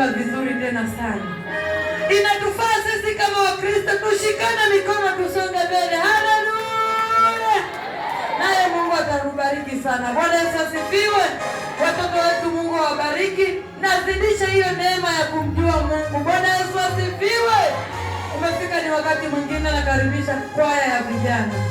umeimba vizuri tena sana. Inatufaa sisi kama Wakristo tushikane mikono, tusonge mbele. Haleluya! Naye Mungu atakubariki sana. Bwana Yesu asifiwe. Watoto wetu Mungu awabariki nazidisha hiyo neema ya kumjua Mungu. Bwana Yesu asifiwe. Umefika ni wakati mwingine, nakaribisha kwaya ya vijana.